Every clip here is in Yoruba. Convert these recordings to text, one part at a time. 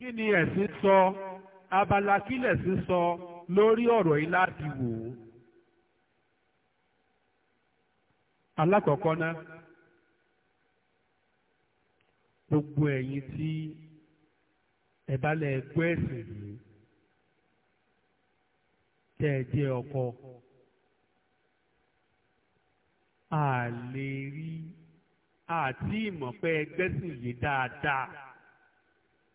kí ni ẹ̀sìn sọ abala kí lẹ̀sìn sọ lórí ọ̀rọ̀ yìí láti wò ó. alákọ̀ọ́kọ́ ná gbogbo ẹ̀yin tí ẹ bá lè gbọ́ ẹ̀sìn yìí tẹ́ ẹ jẹ́ ọkọ a lè rí àti ìmọ̀ pé ẹgbẹ́ dáadáa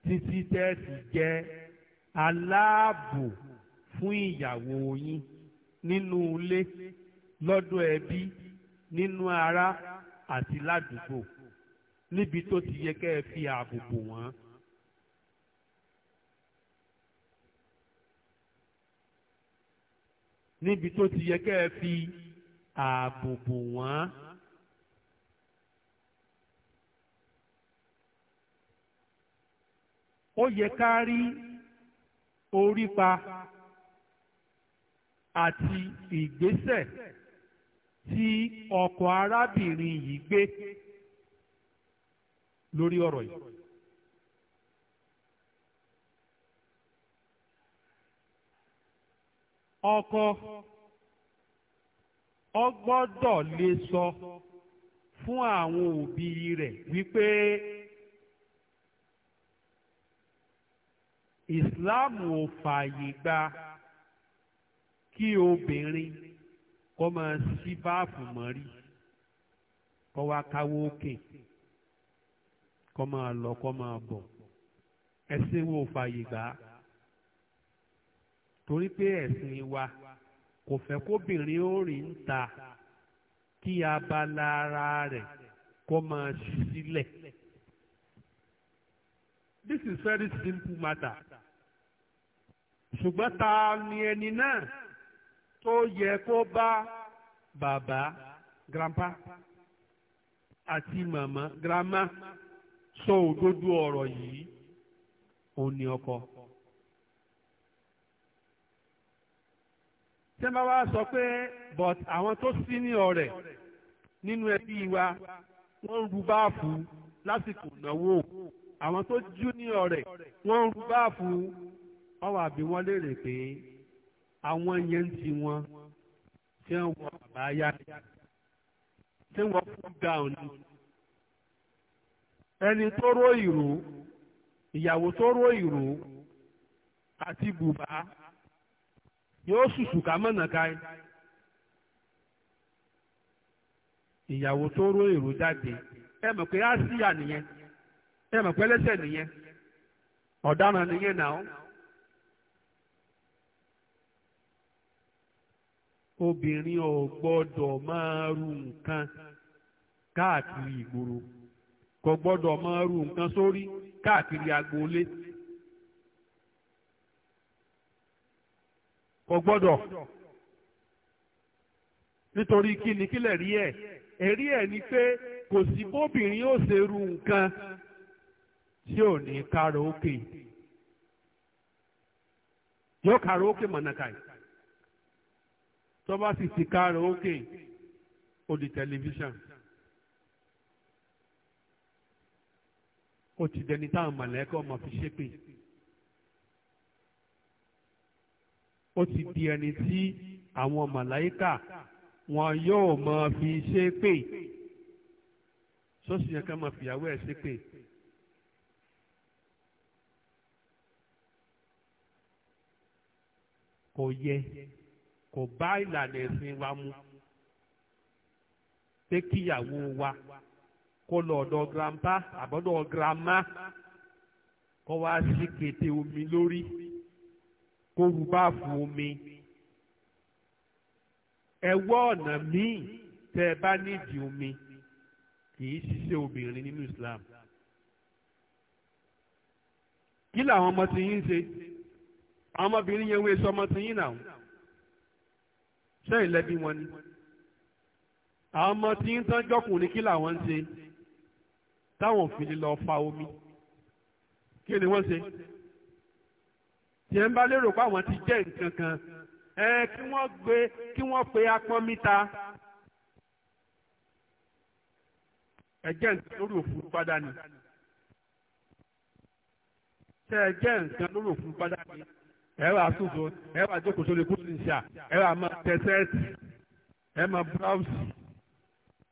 títí tẹ́ẹ̀sì jẹ́ aláàbò fún ìyàwó yín nínú ilé lọ́dọ̀ ẹbí nínú ará àti ládùúgbò níbi tó ti yẹ kẹ́ ẹ fi ààbò bò wọ́n. níbi tó ti yẹ kẹ́ ẹ fi ààbò bò wọ́n. ó yẹ ká rí orí pa àti ìgbésẹ̀ tí ọkọ arábìnrin yìí gbé lórí ọ̀rọ̀ yìí. ọkọ ọ lè sọ fún àwọn òbí rẹ̀ wípé. Islam ò fààyè gba kí obìnrin kó máa ṣí báàfù mọ́rí kó wá káwó òkè kó máa lọ kó máa bọ̀ ẹ̀sìn wo fààyè gbà á torí pé ẹ̀sìn wa kò fẹ́ kóbìnrin ó rìn ń ta kí abala ara rẹ̀ kó máa ṣí sílẹ̀. Si this is very simple matter ṣùgbọ́n ta ni ẹni náà tó yẹ kó bá bàbá grandpa àti Mama grandma sọ òdodo ọ̀rọ̀ yìí òun ni ọkọ. tí wọ́n sọ pé but àwọn tó sí ní ọ̀rẹ́ nínú ẹbí wa wọ́n ń rú báàfù lásìkò ìnáwó àwọn tó júnior rẹ̀ wọ́n ń rúbáàfù ọwọ́ àbí wọ́n léèrè pé àwọn yẹn ń ti wọn tí wọ́n wọ bàbá yá tí wọ́n fún gáùn ni. ẹni tó ró ìró ìyàwó tó ró ìró àti bùbá yóò ṣùṣù ká mọ̀nà ká ìyàwó tó ró ìró jáde ẹ mọ̀ pé á síyà nìyẹn ẹ mọ̀ pé lẹ́sẹ̀ nìyẹn ọ̀daràn nìyẹn náà obìnrin ò gbọ́dọ̀ máa ru nǹkan káàkiri ìgboro kò gbọ́dọ̀ máa ru nǹkan sórí káàkiri agboolé kò gbọ́dọ̀ nítorí kí ni kílẹ̀ rí ẹ̀ ẹ̀rí ẹ̀ ni pé kò sí bóbìnrin ó ṣe ru nǹkan tí ò ní karaoke yóò karaoke mọ̀nàkà yìí tó bá sì ti karaoke ó di tẹlifíṣàn ó ti dẹni táwọn mọ̀lẹ́kọ̀ máa fi ṣépè ó ti di ẹni tí àwọn màláíkà wọn yóò máa fi ṣépè sọ́sì yẹn ká máa fìyàwó ẹ̀ ṣépè. kò yẹ kò bá ìlànà ẹ̀sìn wa mu pé kíyàwó wa kó lọ ọ̀dọ̀ grandpa àbọ̀dọ̀ grandma kó wá sí kété omi lórí kó rú báàfù omi ẹ̀wọ́ ọ̀nà míì tẹ́ ẹ bá nídìí omi kì í ṣiṣẹ́ obìnrin nínú Islam kí làwọn ọmọ ti yín ṣe àwọn ọmọbìnrin yẹn ń wéṣọ ọmọ tí yín náà ṣé ìlẹ́bí wọn ni àwọn ọmọ tí ń tán jọkùnrin kí làwọn ń ṣe táwọn fi lè lọ fa omi kí ni wọ́n ṣe tí ẹ ń bá lérò pé àwọn ti jẹ́ nǹkan kan ẹ kí wọ́n gbé kí wọ́n pe apọ́n mítà ẹ jẹ́ nǹkan lórí òfurufú padà ni tẹ́ ẹ jẹ́ nǹkan lórí òfurufú padà ni ẹ wà sùnfò ẹ wà jókòó sórí kùsù ìṣà ẹ wà máa tẹsẹẹtì ẹ máa búráùsì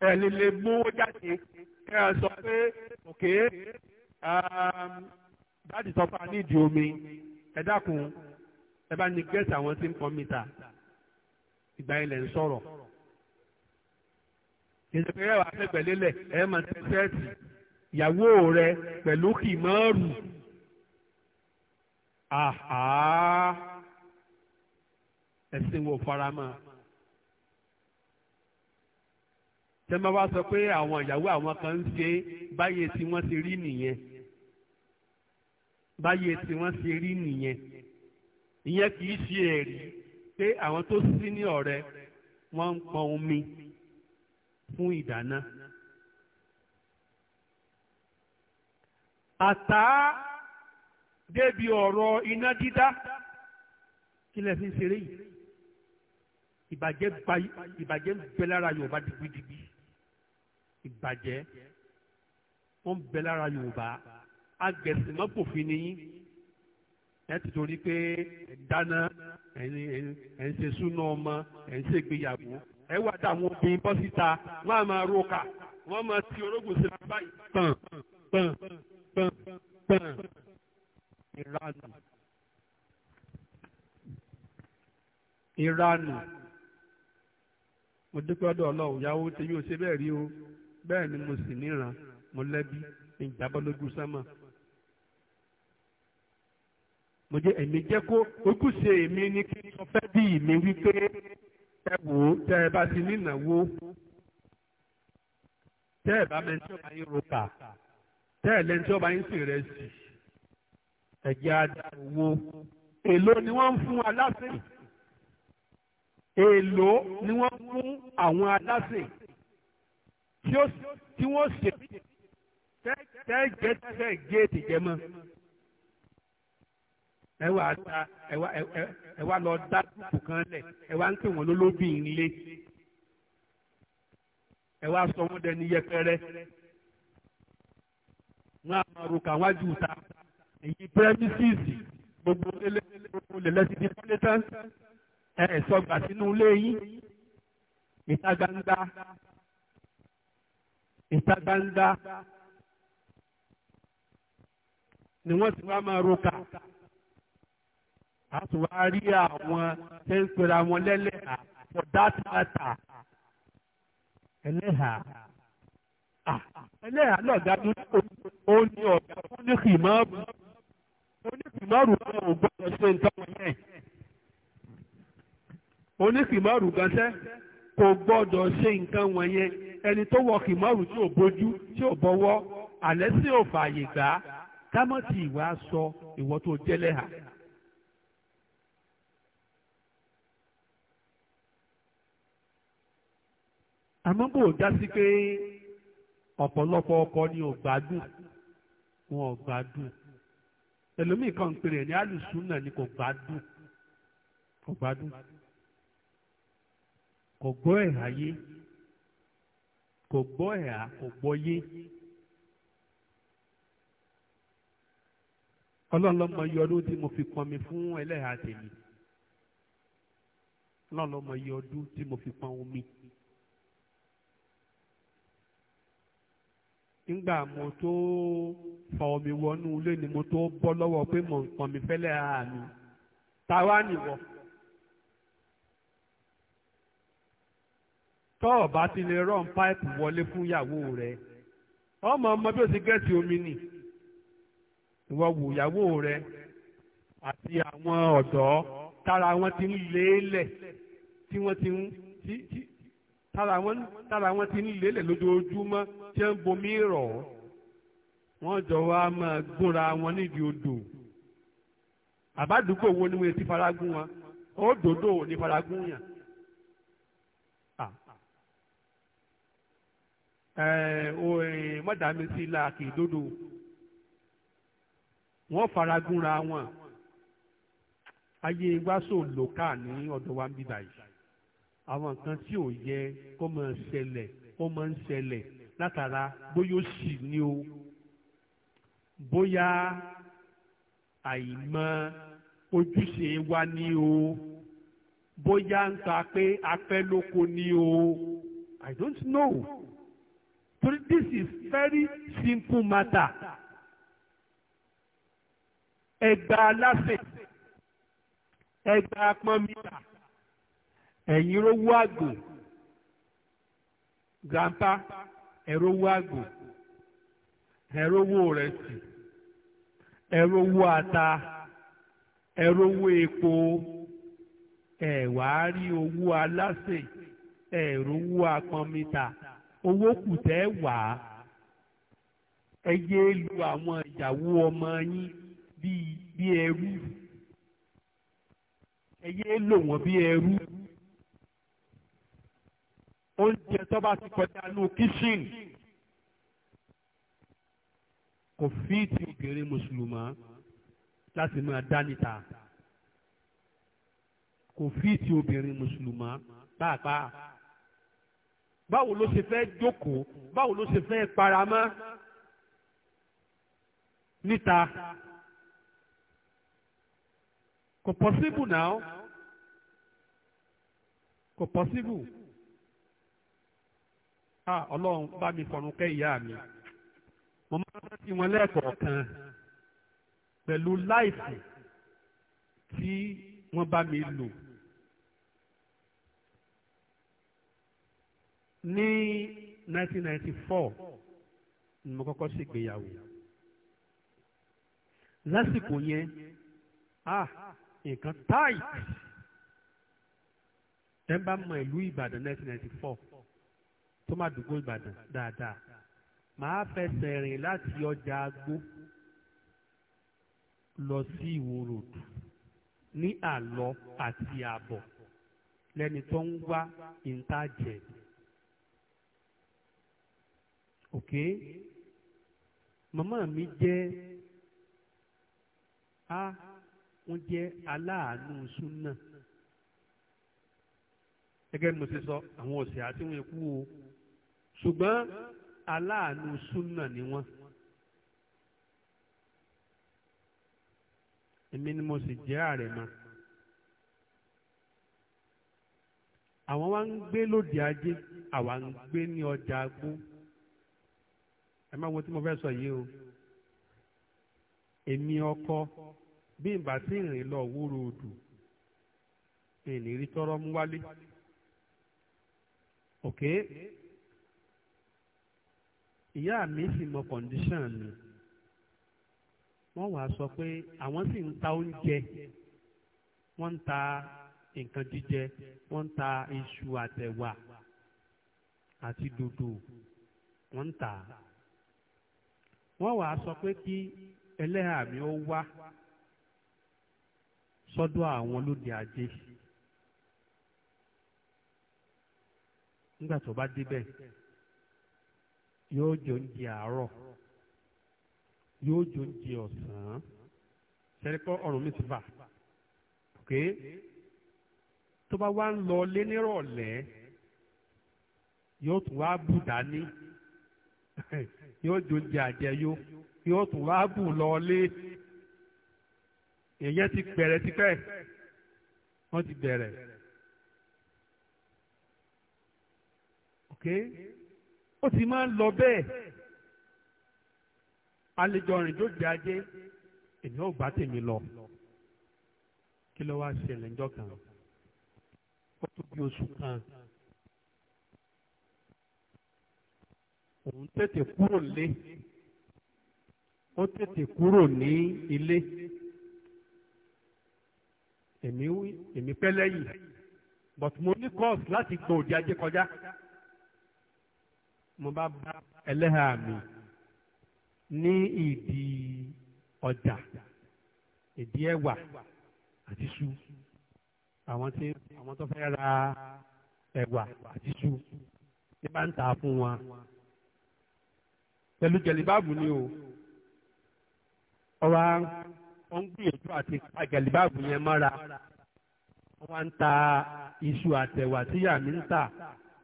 ẹ lè lè mówó jáde ẹ wà sọ pé òkè um, dáàdì sọ fún wa ní ìdí omi ẹ dákun ẹ bá ní gẹ́sì àwọn tí ń pọn mítà ìgbà ilẹ̀ ń sọ̀rọ̀ ìṣèpẹ́ ẹ wà fẹ́ tẹsẹẹtì ìyàwó rẹ pẹ̀lú kìmọ́ọ̀rù àhá ẹ̀sìn wo faramọ́ tẹ́mọ́ wá sọ pé àwọn ìyàwó àwọn kan ń ṣe báyé tí wọ́n ti rí nìyẹn báyé tí wọ́n ti rí nìyẹn ìyẹn kì í ṣe ẹ̀rí pé àwọn tó sí ní ọ̀rẹ́ wọ́n ń pọn omi fún ìdáná. àtàá débi ọ̀rọ̀ iná dídá kí lẹ fi ń ṣeré yìí ìbàjẹ́ gba ìbàjẹ́ ń bẹ lára Yorùbá digbidigbi ìbàjẹ́ wọ́n ń bẹ lára Yorùbá agẹ̀sìmọ́pòfin ni yín ẹ ti torí pé ẹ dáná ẹ ń ṣe súná ọmọ ẹ ń ṣègbéyàwó ẹ wá táwọn obìnrin bọ́ síta wọ́n á máa roka wọ́n máa ti orógùn sí báyìí pọ̀n pọ̀n ìranù mo dúpẹ́ ọ̀dọ̀ ọlọ́run ìyàwó tèmi ò ṣe bẹ́ẹ̀ rí o bẹ́ẹ̀ ni mo sì níran mo lẹ́bi ní ìjábọ́ lójú sánmà mo jẹ́ èmi jẹ́ kó ojúṣe èmi ní kí n sọ fẹ́ bí mi wípé ẹ wò ó tẹ ẹ bá ti nínáwó tẹ ẹ bá mẹtí ọba yín roka tẹ ẹ lẹtí ọba yín sì rẹ sí ẹ jẹ́ owó èló ni wọ́n ń fún wa èèlò ni wọ́n fún àwọn aláṣẹ tí wọ́n ṣe tẹ́gẹ́tẹ́ géètì jẹmọ́ ẹ wá ta ẹ wá lọ dá dùkú kan lẹ̀ ẹ wá ń pè wọ́n lólóbì ńlé ẹ wá sọ wọ́n dẹni yẹpẹrẹ wọ́n á máa roka wájú ta èyí pírẹ́mísìsì gbogbo lẹ́lẹ́sì di pálẹ́tà ẹ sọgbà sínú ilé yín ìta gbangba ìta gbangba ni wọ́n ti wá máa roka a tún wá rí àwọn tẹ́ ń pera wọn lẹ́lẹ́hà for that matter ẹlẹ́hà ẹlẹ́hà lọ́ọ̀gá ní ó ọ̀gá ó ní kìmọ́ọ̀rù ò gbọ́dọ̀ ṣe nǹkan wọn yẹn. oníkìmọ́rù gánṣẹ́ kò gbọdọ ṣe nǹkan wọ̀nyẹn ẹni tó wọ kìmọ́rù tí ò bójú tí ò bọ́wọ́ àlẹ́ sí ò fààyè gbà ìwà sọ ìwọ tó jẹ́lẹ̀ hà. àmọ́ bò dá pé ọ̀pọ̀lọpọ̀ ọkọ ni ò gbádùn wọn ò gbádùn ẹlòmíì kan pèrè ní alùsùn náà ni kò gbádùn kò gbọ́ ẹ̀hà yé kò gbọ́ ẹ̀hà kò gbọ́ yé ọlọ́lọ́mọ yọ ọdún tí mo fi pọnmi fún ẹlẹ́hà tèmi ọlọ́lọ́mọ yọ ọdún tí mo fi pọn omi. nígbà mo tó fọ omi wọnú ilé ni mo tó bọ́ lọ́wọ́ pé mo ń pọnmi fẹ́lẹ́ ara mi ta wá nìwọ. tọ́ ọ̀bá ti lè rán páìpù wọlé fún ìyàwó rẹ̀ ọmọ ọmọ bí ó ti gẹ̀ẹ́sì omi nì ìwọ wò ìyàwó rẹ̀ àti àwọn ọ̀dọ́ tára wọn ti ń lélẹ̀ tí wọ́n ti ń tí tí tára wọn tára wọn ti ń lélẹ̀ lójoojúmọ́ tí wọ́n ń bomi rọ̀ wọ́n jọ wá máa gúnra wọn nídìí odò àbádùúgbò wo ni mo ti fara gún wọn ó dòdò ò ní fara gún yàn. mọ̀dàmí sí ilá kì í dódò wọ́n faragúnra wọn ayé wáṣọ lòkà ní ọ̀dọ̀ wa ń bí báyìí àwọn nǹkan tí ò yẹ kó máa ṣẹlẹ̀ ó máa ń ṣẹlẹ̀ látara bóyá ó sì ní o bóyá àìmọ̀ ojúṣe wa ní o bóyá ń ta pé afẹ́ lóko ní o I don't know torí this is very simple matter ẹgbà aláṣẹ ẹgbà apọnmíta ẹ̀yìn rówó àgbò grandpa ẹ̀rówó àgbò ẹ̀rówó rẹ̀sì ẹ̀rówó ata ẹ̀rówó epo ẹ̀wàá rí owó aláṣẹ ẹ̀rówó apọnmíta owó kù tẹ́ wà á ẹ yéé lu àwọn ìyàwó ọmọ yín bíi bí ẹrú ẹ yéé lò wọ́n bí ẹrú oúnjẹ tó bá ti kọjá ní kíṣìn kò fi ti obìnrin mùsùlùmá láti máa dá níta kò fi ti obìnrin mùsùlùmá pàápàá báwo ló ṣe fẹ́ jókòó báwo ló ṣe fẹ́ paramọ́ níta kò pọ́síbù náà kò pọ́síbù a ọlọ́run bá mi fọ̀run kẹ́ ìyá mi mo máa ń rántí wọn lẹ́ẹ̀kọ̀ọ̀kan pẹ̀lú láìsí tí wọ́n bá mi lò. ní 1994 ni mo kọ́kọ́ ṣègbéyàwó lásìkò yẹn ah nǹkan tight ẹ bá mọ ìlú Ìbàdàn 1994 tó má dùgbò Ìbàdàn dáadáa màá fẹsẹ̀ rìn láti ọjà agbó lọ sí Ìwó ròdù ní àlọ àti àbọ̀ lẹ́ni tó ń wá ìtajẹ̀dù ok màmá mi jẹ́ a wọ́n jẹ́ aláàánú súnà gẹ́gẹ́ bí mo ṣe sọ àwọn ọ̀sẹ̀ àti wọn kú o ṣùgbọ́n aláàánú súnà ni wọ́n. èmi ni mo sì jẹ́ ààrẹ ma. àwọn wa ń gbé lóde ajé àwa ń gbé ní ọjà agbó. ẹ má wo tí mo fẹ́ sọ yìí o èmi ọkọ bí n bá tí ìrìn lọ wúro odù ìní rí tọrọ mú wálé òkè ìyá mi sì mọ kọ̀ǹdíṣàn mi wọ́n wàá sọ pé àwọn sì ń ta oúnjẹ wọ́n ń ta nǹkan jíjẹ wọ́n ń ta iṣu àtẹwà àti dòdò wọ́n ń ta. wọ́n wàá sọ pé kí ẹlẹ́hà mi ó wá sọ́dọ̀ àwọn lóde ajé nígbà tó bá débẹ̀ yóò jọ oúnjẹ àárọ̀ yóò jọ oúnjẹ ọ̀sán sẹ́ríkọ́ ọ̀rùn mi ti bà ok tó bá wá ń lọ lé nírọ̀lẹ́ yóò tún wá bù dání. yóò jóúnjẹ àjẹyó yóò tún wá bù lọlé èyẹ ti bẹ̀rẹ̀ tipẹ́ wọ́n ti bẹ̀rẹ̀ ok ó sì máa ń lọ bẹ́ẹ̀ àlejò rìn lóde ajé èmi ò bá tèmi lọ kí ló wá ṣẹlẹ̀ ńjọ́ kan ó tó bí oṣù kan. òun tètè kúrò nílé ó tètè kúrò ní ilé èmi èmi pẹ́ lẹ́yìn but mo ní course láti gbọ́ òde ajé kọjá mo bá bá ẹlẹ́hà mi ní ìdí ọjà ìdí ẹ̀wà àti iṣu àwọn tí àwọn tó fẹ́ ra ẹ̀wà àti iṣu ní bá ń tà fún wọn pẹ̀lú jẹ̀líbáàbù ni o ọba ó ń gbìyànjú àti pa jẹ̀líbáàbù yẹn mọ́ra ọba ń ta iṣu àtẹ̀wà tí yàmi ń tà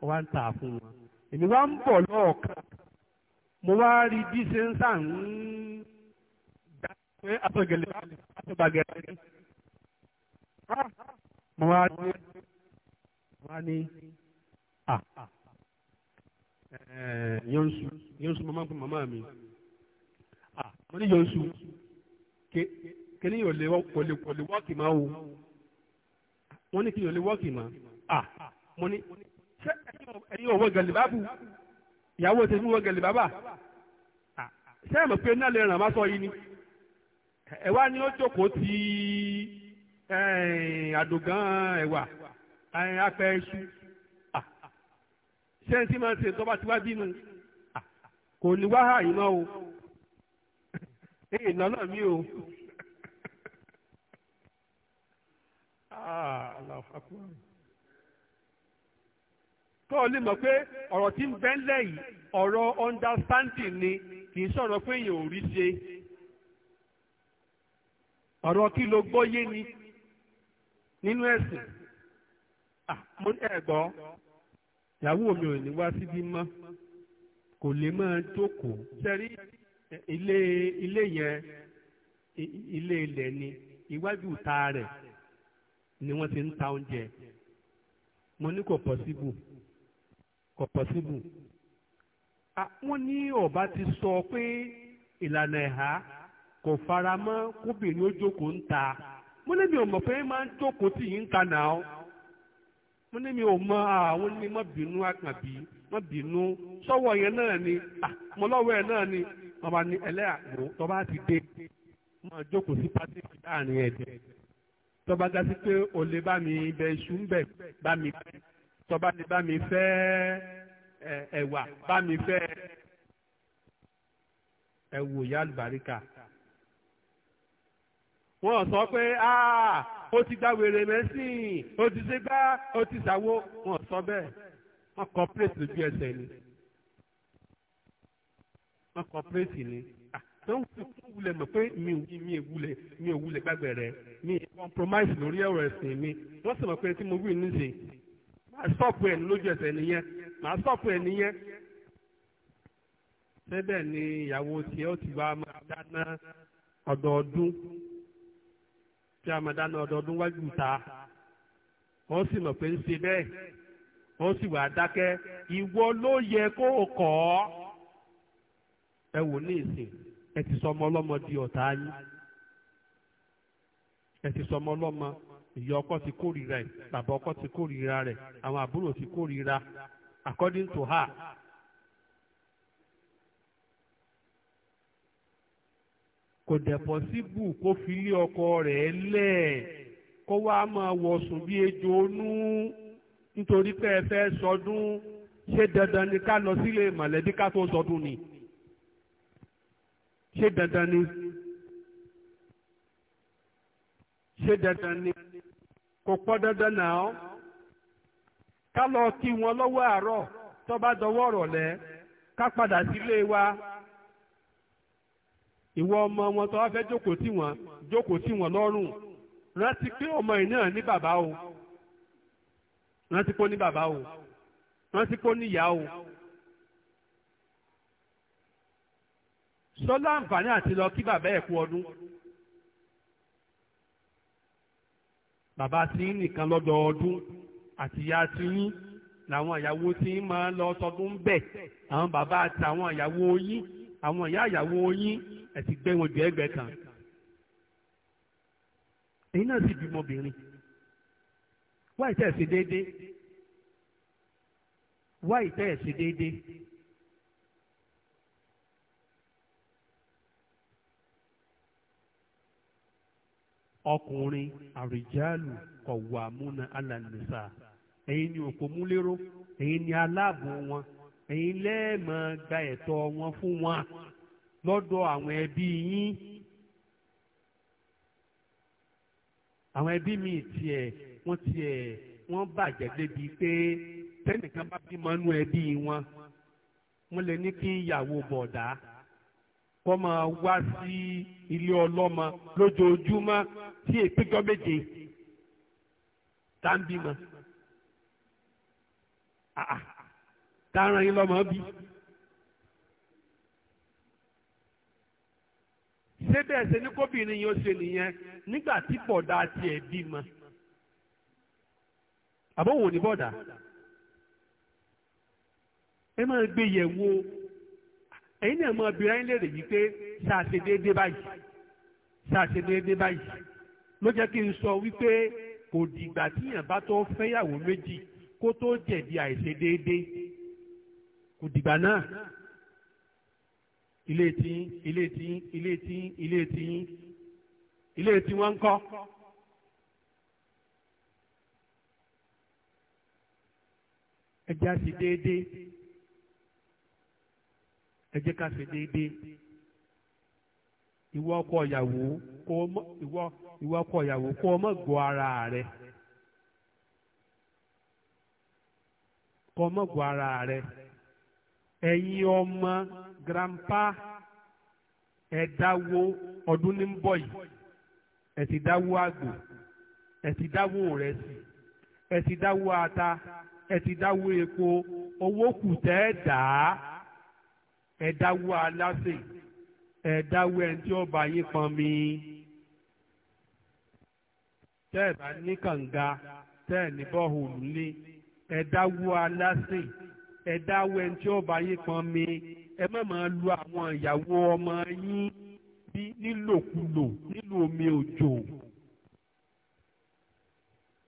ọba ń tà fún wọn èmi wá ń bọ̀ lọ́ọ̀kan mo wá rí bí ṣe ń gbà pé àtọ̀gẹ̀lẹ̀ àtọ̀gbàgẹ̀rẹ̀ mo mo wá ní Eh, yọnsu yọnsu mama fún mama mi ah mo ní yọnsu ké kíní yóò lè kò lè kò lè wọ́ọ̀kì máa wo wọ́n ní kí yóò lè wọ́ọ̀kì máa ah mo ní ṣé ẹ̀yin ọ̀wọ́ gàlíbábù ìyàwó tẹ̀sí wọ́ọ̀ gàlíbábà ah, ṣé ẹ̀ na pé náà lè ràn má sọ yìí ni ẹ wá ní ó jókòó ti eh, àdògán ẹ̀wà eh, apẹ̀ iṣu. sẹ́ńtì máa ń ṣe tó bá ti wá bínú kò ní wáhà àyìn náà o èyí lọ́nà mi o. tó ah, o lè mọ̀ pé ọ̀rọ̀ tí ń bẹ́ ńlẹ̀ yìí ọ̀rọ̀ understanding ni kì í sọ̀rọ̀ pé èèyàn ò rí ṣe ọ̀rọ̀ kí ló gbọ́yé ni nínú ẹ̀sìn ah, ẹ̀ gbọ́. ìyàwó mi ò ní wá síbí mọ́ kò lè máa jókòó sẹ́rí ilé ilé yẹn ilé ilẹ̀ ni iwájú ta rẹ̀ ni wọ́n ti ń ta oúnjẹ mo ní kò pọ̀síbù kò pọ̀síbù wọ́n ní ọba ti sọ pé ìlànà ẹ̀há kò fara mọ́ kóbìnrin ó jókòó ń ta mo lè mi ò mọ̀ pé máa ń jókòó tì yín ń ta nàá mo ní mi ò mọ àwọn ní mọ́ bínú àkànbí mọ́ bínú sọ́wọ́ yẹn náà ni mo lọ́wọ́ ẹ̀ náà ni wọ́n bá ní ẹlẹ́yà wò tó bá ti dé mo jókòó sí pátí láàrin ẹ̀dẹ̀ tó bá dá sí pé o lè bá mi bẹ iṣu ń bẹ̀ bá mi tó bá lè bá mi fẹ́ ẹ̀wà bá mi fẹ́ ẹ̀wò ìyá wọ́n sọ pé ó ah, ti gba wèrè mẹ́sìn ó ti ṣe gbá ó ti ṣàwo wọ́n sọ bẹ́ẹ̀ wọ́n kọ pírèsì lójú ẹsẹ̀ ni wọ́n kọ pírèsì ni ah, tó ń wulẹ̀ mọ̀ pé mi ò mi ò wulẹ̀ mi ò wulẹ̀ gbàgbẹ́ rẹ̀ mi ò compromise lórí ọ̀rọ̀ ẹ̀sìn mi wọ́n sì mọ̀ pé tí mo wí níṣẹ́ máa stop ẹ̀ lójú ẹsẹ̀ nìyẹn máa stop ẹ̀ nìyẹn síbẹ̀ ni ìyàwó tiẹ̀ ó ti wá máa dáná ọ̀dọọdún tí a máa dáná ọdọọdún wájú ta ó sì mọ̀ pé ń ṣe bẹ́ẹ̀ ó sì wà dákẹ́ ìwọ ló yẹ kó o kọ̀ ẹ wò ní ìsìn ẹ ti sọ ọmọ ọlọ́mọ di ọ̀tá yín ẹ ti sọ ọmọ ọlọ́mọ ìyá ọkọ ti kórìíra ẹ bàbá ọkọ ti kórìíra rẹ àwọn àbúrò ti kórìíra according to her kò dẹ̀ pọ́síbù kó fi lé ọkọ rẹ̀ lẹ̀ kó wá máa wọ̀sùn bí ejò onú nítorí pé ẹ fẹ́ sọdún ṣé dandan ni ká lọ sílé mọ̀lẹ́bí ká tó sọdún ni ṣé dandan ni ṣé dandan ni kò pọ́ dandan náà ká lọ kí wọn lọ́wọ́ àárọ̀ tó bá dọwọ́ rọ̀lẹ́ ká padà sílé wa. ìwọ ọmọ wọn tó wá fẹ́ jókòó tì wọ́n jókòó tì wọ́n lọ́rùn rántí pé ọmọ yìí náà ní bàbá o rántí pé ó ní bàbá o rántí pé ó ní ìyá o. sọlá àǹfààní àti lọ kí bàbá ẹ̀ kú ọdún. bàbá tí ń nìkan lọ́dọọdún àti ìyá tí ń làwọn ìyàwó tí ń máa lọ sọdún bẹ́ẹ̀ àwọn bàbá àti àwọn ìyàwó yín àwọn ìyá ìyàwó yín ẹ ti gbẹ́ wọn ju ẹgbẹ́ kan èyí náà sì bímọ obìnrin wáyé tẹ́ ẹ̀ ṣe déédéé wáyé tẹ́ ẹ̀ ṣe déédéé. ọkùnrin àrìjálù kọ̀wàmúna alànìsà ẹ̀yin ni òkò múlérò ẹ̀yin ni aláàbò wọn ẹ̀yin lẹ́ẹ̀mọ́ gba ẹ̀tọ́ wọn fún wọn lọ́dọ̀ àwọn ẹbí yín àwọn ẹbí mi tiẹ̀ wọ́n tiẹ̀ wọ́n bàjẹ́ débi pé tẹ́nìkan bá bímọ nú ẹbí wọn wọ́n lè ní kí ìyàwó bọ̀dá kọ́ máa wá sí ilé ọlọ́mọ lójoojúmọ́ tí èpéjọ́ méje tá ń bímọ. Tá ń yín lọ́mọ bí. sebe bẹ́ẹ̀ ṣe ní kóbìnrin yóò ṣe nìyẹn nígbà tí bọ̀dà tiẹ̀ bímọ àbọ̀wò ní bọ̀dà ẹ máa gbé yẹ̀wò ẹ̀yin náà máa bìrì ayé lèrè yìí pé ṣàṣe déédéé báyìí ṣàṣe déédéé báyìí ló jẹ́ kí n sọ wípé kò dìgbà tíyàn bá tó fẹ́yàwó méjì kó tó jẹ̀bi àìṣedéédéé kò dìgbà náà ilé tí ilé tí ilé tí ilé tí ilé tí wọ́n ń kọ́. ẹjẹ́ á ṣe déédéé ẹjẹ́ ká ṣe déédéé ìwọ ọkọ ìyàwó kó ìwọ ìwọ ọkọ ìyàwó kó o mọ̀ gbọ́ ara rẹ. kó o mọ̀ gbọ́ ara rẹ ẹ̀yin ọmọ grandpa ẹ̀dáwó ọdún ní ń bọ̀ yìí ẹ ti dáwó àgbò ẹ ti dáwó ìrẹsì ẹ ti dáwó ata ẹ ti dáwó epo owó kù tẹ́ ẹ aláṣẹ ẹ dáwó ẹni tí pọn mi tẹ́ ẹ bá ní kànga tẹ́ ẹ ní bọ́ọ̀hùn nílé ẹ dáwó aláṣẹ ẹ̀dá awẹ́ tí ó bá yín pọn mi ẹ má máa lu àwọn ìyàwó ọmọ yín bí nílòkulò nílò omi òjò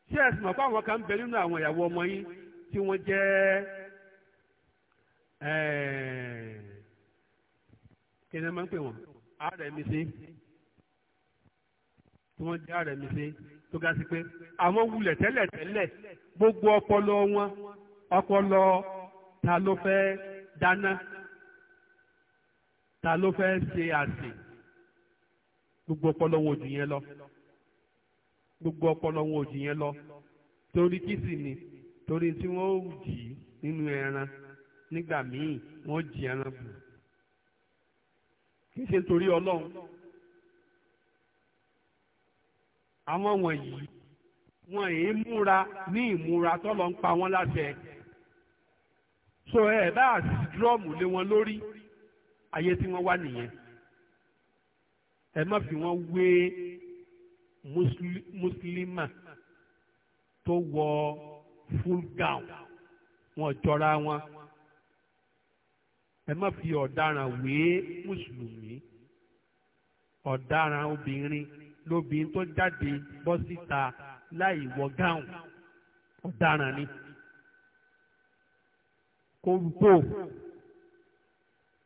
ṣé ẹ sì mọ̀ pé àwọn kan ń bẹ nínú àwọn ìyàwó ọmọ yín tí wọ́n jẹ́ kí ni máa ń pè wọ́n rmc tí wọ́n jẹ́ rmc tó ga sí pé àwọn wulẹ̀ tẹ́lẹ̀tẹ́lẹ̀ gbogbo ọpọlọ wọn ọpọlọ ta ló fẹ́ dáná ta ló fẹ́ ṣe àsè gbogbo ọpọlọ wọn ò jù yẹn lọ gbogbo ọpọlọ wọn ò yẹn lọ torí kí ni torí tí wọn ò jì nínú ẹran nígbà míì wọn jì ẹran bù kì í ṣe torí Ọlọ́run àwọn wọ̀nyí wọn èé múra ní ìmúra tọlọ ń pa wọn láṣẹ so ẹ bá àti dírọ́ọ̀mù lé wọn lórí ayé tí wọ́n wá nìyẹn ẹ má fi wọ́n wé mùsùlùmá tó wọ full gown wọn jọra wọn ẹ má fi ọ̀daràn wé mùsùlùmí ọ̀daràn obìnrin lóbìnrin tó jáde bọ́ síta láì wọ gáùn ọ̀daràn ni kó bò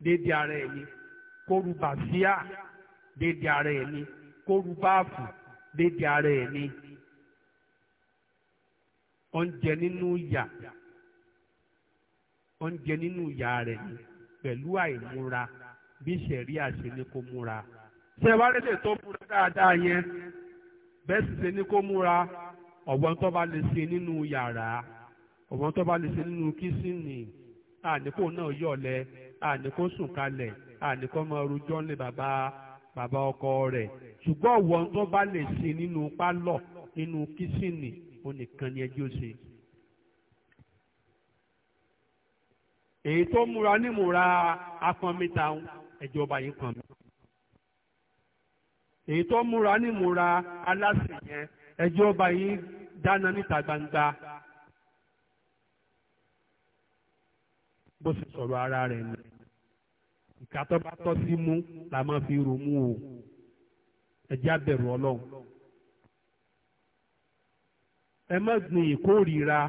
déédéé ara ẹ̀ ni kó ru bàṣíà déédéé ara ẹ̀ ni kó ru báàfù déédéé ara ẹ̀ ni oúnjẹ nínú ìyà oúnjẹ nínú ìyà rẹ̀ ni pẹ̀lú àìmúra bí sẹ̀ríà ṣe ní kó múra ṣé wá lẹ́sẹ̀ tó múra dáadáa yẹn bẹ́ẹ̀ sì ṣe ní kó múra ọ̀wọ́n tó bá lè ṣe nínú yàrá ọ̀wọ́n tó bá lè ṣe nínú kíṣìnì. àníkó náà yọ̀lẹ̀ àníkó sùn kalẹ̀ àníkó máa rojọ́ nílé bàbá bàbá ọkọ rẹ̀ ṣùgbọ́n ọ̀wọ́ tó bá lè ṣe nínú pálọ̀ nínú kíṣìnì ó nìkan ni ẹjọ́ ṣe. èyí tó múra nímúra apọnmita ẹjọba yìí kan mi èyí tó múra nímúra aláṣẹ yẹn ẹjọba yìí dáná níta gbangba. bó ṣe sọ̀rọ̀ ara rẹ̀ ni ìka bá tọ́ sí mú la máa fi rò mú o ẹjẹ́ àbẹ̀rù ọlọ́run ẹ má gbin ìkórìíra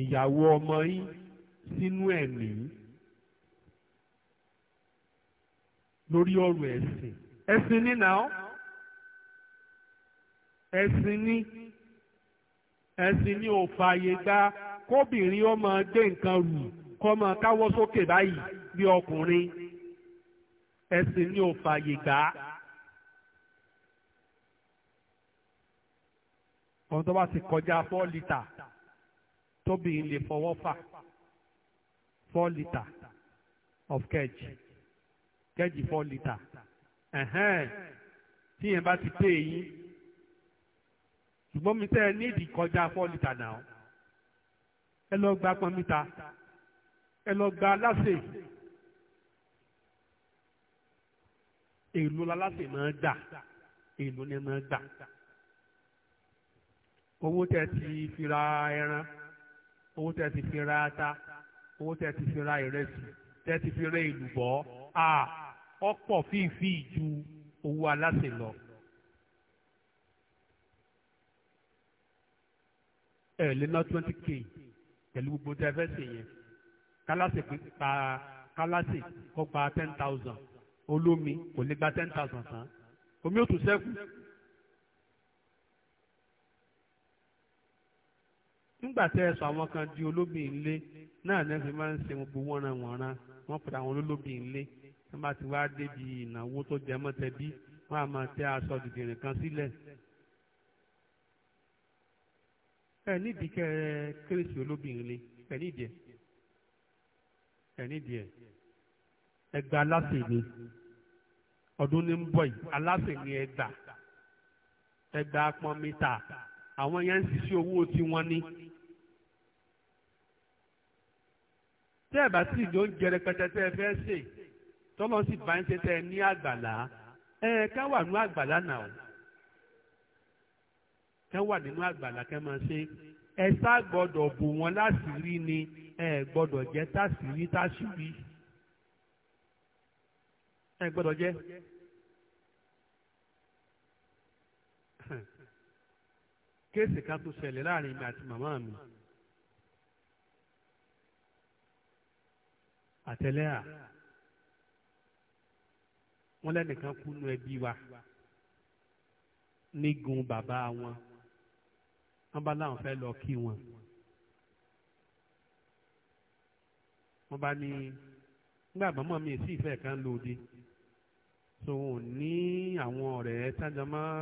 ìyàwó ọmọ yín sínú ẹ̀mí lórí ọ̀rọ̀ ẹ̀sìn ẹ̀sìn ní nàá ẹ̀sìn ní ẹ̀sìn ní ò gba kóbìnrin ọmọ gbé nǹkan rù kọ́ máa káwọ́ sókè báyìí bí ọkùnrin ẹ̀sìn ni ò fààyè gbà á. ọ̀n tó bá ti kọjá four litre tóbi lè fọwọ́ fà four litre of keg keg four litre ẹ̀hẹ́n tí yẹn bá ti pè yín ṣùgbọ́n mi tẹ́ ẹ nídìí kọjá four litre náà ẹ lọ gba pọn mítà ẹ lọ gba aláṣẹ èlò aláṣẹ máa gbà èlò ni máa gbà owó tẹ ti fi ra ẹran owó tẹ ti fi ra ata owó tẹ ti fi ra ìrẹsì tẹ ti fi ra èlùbọ́ a ọ̀pọ̀ fífi ju owó aláṣẹ lọ. ẹ lè ná twenty k pẹ̀lú gbogbo tẹ fẹ́ sèyẹn kálásì pa kálásì kó pa ten thousand olómi kò lè gba ten thousand tán omi ò tún sẹ́kù. nígbà tẹ ẹ sọ àwọn kan di olóbì ńlé náà ní ẹsẹ máa ń ṣe gbogbo wọnran wọnran wọn padà àwọn olólóbì ńlé wọn bá ti wá débi ìnáwó tó jẹ mọ́ tẹbí wọn á máa tẹ aṣọ dìdìrín kan sílẹ̀. ẹ nídìí kẹ kérésì olóbì ńlé ẹ nídìí ẹ̀nídìí ẹ̀ ẹgbà aláṣẹ ni ọdún ní ń bọ̀ yìí aláṣẹ ni ẹgbà ẹgbà apọn mítà àwọn yẹn ń ṣiṣẹ́ owó tiwọn ní. tẹ́ ẹ̀ bá sì ló ń jẹrẹ pẹtẹtẹ ẹ fẹ́ ṣe tọ́lọ́ sì bá ń ṣe tẹ́ ẹ ní àgbàlá ẹ ká wà nú àgbàlá náà ká wà nínú àgbàlá ká máa ṣe ẹ sá gbọ́dọ̀ bò wọ́n láṣìírí ni ẹ gbọ́dọ̀ jẹ́ táṣìírí táṣìírí ẹ gbọ́dọ̀ jẹ́. kéèsì kan tó ṣẹlẹ̀ láàrin mi àti màmá mi àtẹlẹ́à wọ́n lẹ́nìkan kú nú ẹbí wa nígun bàbá wọn wọ́n bá láwọn fẹ́ lọ kí wọn. wọ́n bá ní nígbà bọ́mọ̀ mi sì fẹ́ kan lòdì so wọn ò ní àwọn ọ̀rẹ́ tájọ máa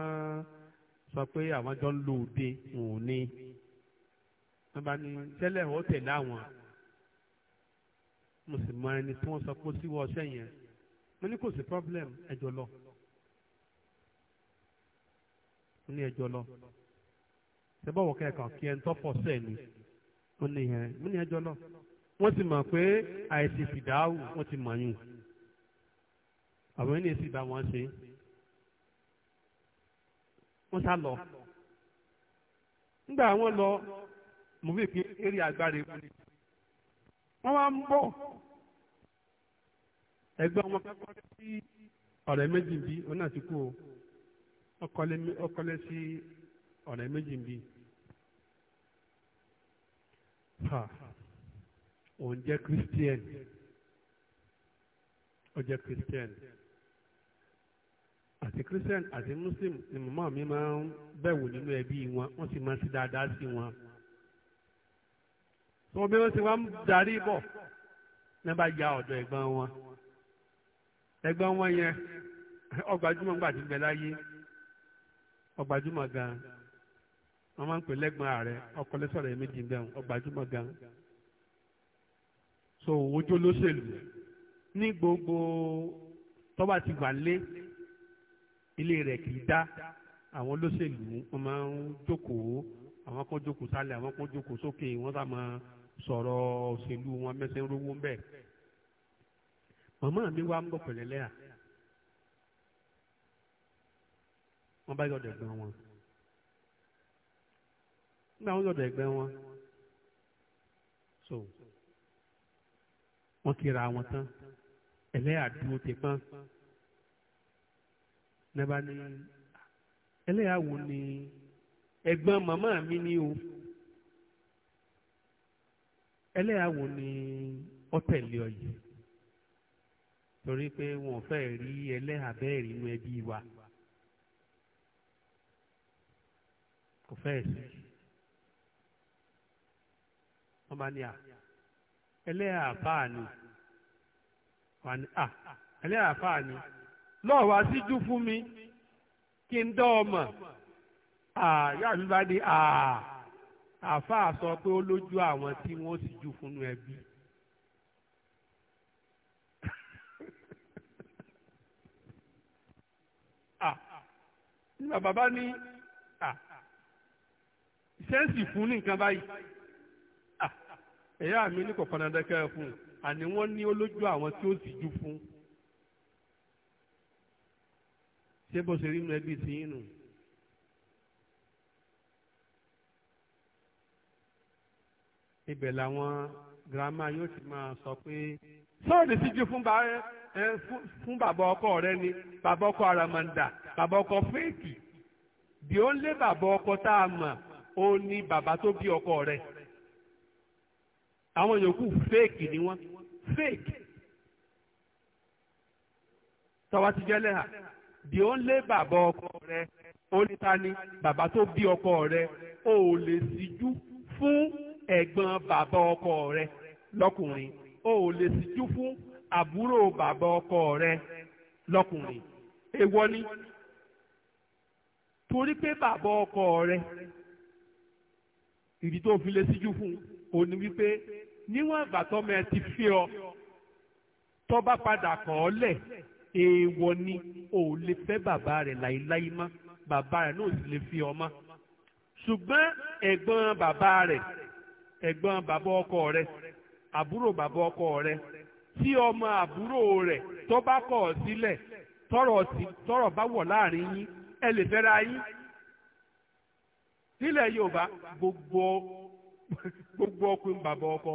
sọ pé àwọn jọ ń lòdì wọn ò ní. wọ́n bá ní tẹ́lẹ̀ wọ́n tẹ̀lé àwọn mo sì mọ ẹni tí wọ́n sọ pé ó síwọ́ ọṣẹ́ yẹn mo ní kò sí problem ẹjọ́ lọ. mo ní ẹjọ́ lọ. sẹ́bọ̀wọ̀ kẹ́kàn kí ẹni tọ́pọ̀ sẹ́ẹ̀ ni náà wọ́n ti mọ̀ pé àìsí fìdáhù wọ́n ti mọ yùn àwọn ẹni èsì bá wọn ṣe wọ́n sá lọ nígbà wọ́n lọ mo fi eré agbára ni wọ́n wá ń bọ. ẹgbẹ́ wọn kọ́kọ́ sí ọ̀rẹ́ méjì bí náà ti kú ha òun jẹ́ christian ó jẹ́ christian àti christian àti muslim ni màmá mi máa ń bẹ̀wò nínú ẹbí wọn wọ́n sì máa ń ṣe dáadáa sí wọn tí wọ́n bí wọ́n ṣe wá ń darí bọ̀ ní bá ya ọ̀dọ̀ ẹ̀gbọ́n wọn ẹ̀gbọ́n wọn yẹn ọgbàjúmọ̀ ń gbàdúgbẹ́ láyé ọgbàjúmọ̀ gan-an wọ́n máa ń pè lẹ́gbọ̀n ààrẹ ọkọ lẹ́sọ̀rọ̀ yẹn méjì bẹ́ẹ̀ ọgbàjúmọ̀ gan so ojú olóṣèlú ní gbogbo tọ́ba ti wà lé ilé rẹ̀ kì í dá àwọn olóṣèlú wọ́n máa ń jókòó àwọn kan jókòó sálẹ̀ àwọn kan jókòó sókè wọ́n sá máa sọ̀rọ̀ òṣèlú wọn mẹ́sẹ̀ ń rówó ń màmá mi wá ń bọ̀ pẹ̀lẹ́lẹ́à wọ́n bá yọ̀dẹ̀ gan wọn nígbà wọn lọ́dọ̀ ẹgbẹ́ wọn so wọ́n ti ra wọn tán ẹlẹ́yàdúró ti pọ́n nígbà ní ẹlẹ́yàwó ni ẹ̀gbọ́n màmá mi ni o ẹlẹ́yàwó ni ọ̀tẹ̀lẹ̀ ọ̀yẹ́ torí pé wọn fẹ́ rí ẹlẹ́yà bẹ́ẹ̀ rí inú ẹbí wa kò fẹ́ sí wọ́n bá ní à ẹlẹ́yà àfáà ni wọ́n ní à ẹlẹ́yà àfáà ni lọ́ọ̀ wá síjú fún mi kí n dọ́ ọmọ àyà mi bá ní à àfáà sọ pé ó lójú àwọn tí wọ́n sì jù fúnnu ẹbí. nígbà bàbá ní sẹ́ǹsì fún ní nǹkan báyìí ẹ̀yà mi ní kọ̀ọ̀kan dandan kẹ́ ẹ fún un àní wọ́n ní olójú àwọn tí ó sì jú fún. ṣé bó ṣe rí inú ẹbí ti yín nù. ibẹ̀ làwọn girama yóò ti máa sọ pé sọ́ọ̀dì síjú fún bàá fún bàbá ọkọ rẹ ni bàbá ọkọ aramanda bàbá ọkọ fèèkì bí ó ń lé bàbá ọkọ tá a mọ̀ ó ní bàbá tó bí ọkọ rẹ̀ àwọn yòókù fake ni wọ́n fake tọ́wọ́ ti jẹ́ lẹ́hà di ó ń lé bàbá ọkọ rẹ ó ní ta ni bàbá tó bí ọkọ rẹ ó lè síjú fún ẹ̀gbọ́n bàbá ọkọ rẹ lọ́kùnrin ó lè síjú fún àbúrò bàbá ọkọ rẹ lọ́kùnrin èèwọ̀ ni torí pé bàbá ọkọ rẹ ìdí tó fi lè síjú fún un ní wípé níwọ̀n àgbà tọ́mọ ẹ ti fi ọ tó bá padà kàn ọ́ lẹ̀ èèwọ̀ ni ò lè fẹ́ bàbá rẹ̀ láíláí mọ́ bàbá rẹ̀ náà sì lè fi ọ mọ́ ṣùgbọ́n ẹ̀gbọ́n bàbá rẹ̀ ẹ̀gbọ́n bàbá ọkọ rẹ̀ àbúrò bàbá ọkọ rẹ̀ tí ọmọ àbúrò rẹ̀ tó kọ̀ ọ́ sílẹ̀ tọrọ bá wọ̀ láàrin yín ẹ lè fẹ́ra yín nílẹ̀ Yorùbá gbogbo gbogbo ọkùnrin bàbá ọkọ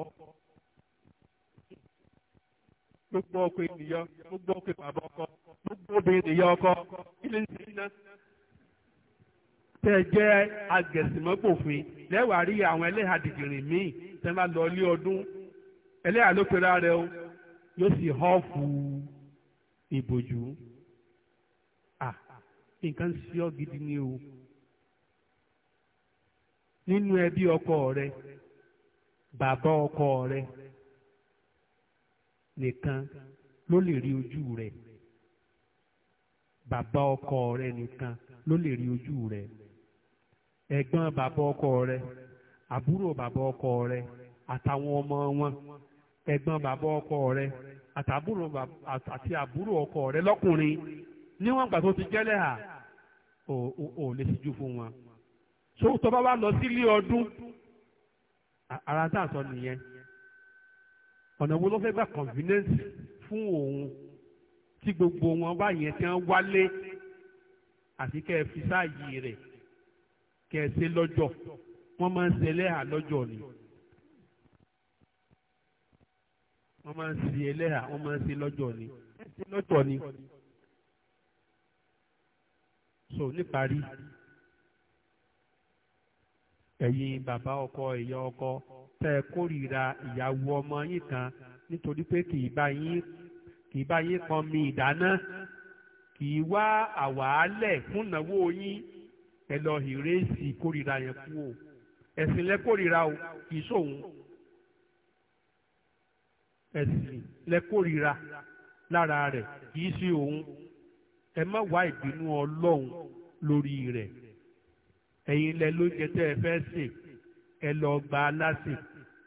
gbogbo ọkùnrin nìyọ gbogbo ọkùnrin bàbá ọkọ gbogbo obìnrin nìyọ ọkọ ilé ń sèyí náà. tẹ jẹ agẹsìmọgbòfin lẹwàá rí àwọn ẹlẹ́hà dìgìrì míì tẹ máa lọ ilé ọdún ẹlẹ́hà ló pera rẹ o yóò sì họ́ọ̀fù ìbòjú. nǹkan ń ṣe ọ́ gidi ni o nínú ẹbí ọkọ rẹ bàbá ọkọ rẹ nìkan ló lè rí ojú rẹ bàbá ọkọ rẹ nìkan ló lè rí ojú rẹ ẹ̀gbọ́n bàbá ọkọ rẹ àbúrò bàbá ọkọ rẹ àtàwọn ọmọ wọn ẹ̀gbọ́n bàbá ọkọ rẹ àtàbúrò àti àbúrò ọkọ rẹ lọ́kùnrin níwọ̀n gbà tó ti jẹ́lẹ̀ hà ò lè ṣíjú fún wọn. So, tó bá wá lọ sílé ọdún ara tá a sọ nìyẹn ọ̀nà wo ló fẹ́ gba convenience fún òun tí gbogbo wọn wá yẹn tí wọ́n wálé àti kẹ́ ẹ fi sáàyè rẹ̀ kẹ́ ẹ ṣe lọ́jọ́ wọ́n máa ń ṣe ẹlẹ́hà lọ́jọ́ ni wọ́n máa ń ṣe ẹlẹ́hà wọ́n máa ń ṣe lọ́jọ́ ni ẹ ṣe lọ́jọ́ ni so níparí ẹ̀yin bàbá ọkọ ìyá ọkọ tẹ́ ẹ kórìíra ìyàwó ọmọ yín kan nítorí pé kì í bá yín kì í bá yín kan mi ìdáná kì í wá àwàálẹ̀ fún ìnáwó yín ẹ lọ ìrèsì kórìíra yẹn kú o ẹ̀sìn lẹ kórìíra o kì í sóhun ẹ̀sìn lẹ kórìíra lára rẹ̀ kì í sí òun ẹ má wá ìbínú ọlọ́run lórí rẹ̀ ẹ̀yin lẹ lóúnjẹ tẹ́ ẹ fẹ́ sè ẹ lọ gba aláṣẹ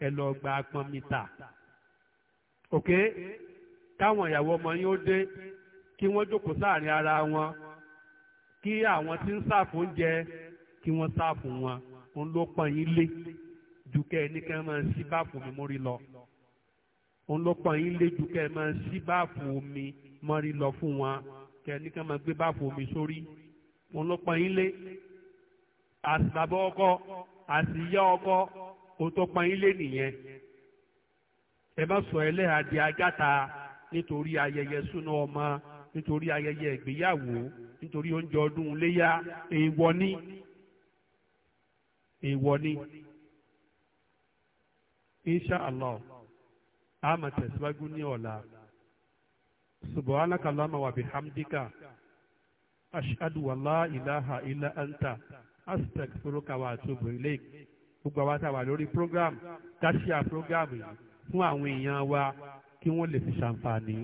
ẹ lọ gba apọnmìtà ok táwọn ìyàwó ọmọ yín ó dé kí wọ́n jókòó sáàrin ara wọn kí àwọn tí ń sáàfù oúnjẹ kí wọ́n sáàfù wọn òun ló pọ́n yín lé ju kẹ́ ẹ ní máa sí báàfù mi mórí lọ òun ló pọ́n yín lé ju ẹ máa sí báàfù mi mórí lọ fún wọn kẹ́ ẹ ní kẹ́ máa gbé báàfù mi sórí òun ló pọ́n yín lé. àti ọkọ àti ọkọ o tó pa yín lé nìyẹn ẹ má sọ ẹlẹ́hà di agáta nítorí ayẹyẹ súná ọmọ nítorí ayẹyẹ ìgbéyàwó nítorí oúnjẹ ọdún léyà èèwọ̀ ni èèwọ̀ ni insha allah a máa tẹ̀síwájú ní ọ̀la subhanaka allahumma wa bihamdika ashhadu wa la ilaha illa anta. astaghfiruka wa atubu ilaik gbogbo àwa tá a wà lórí program dáṣíà program yìí fún àwọn èèyàn wa kí wọ́n lè fi ṣàǹfààní.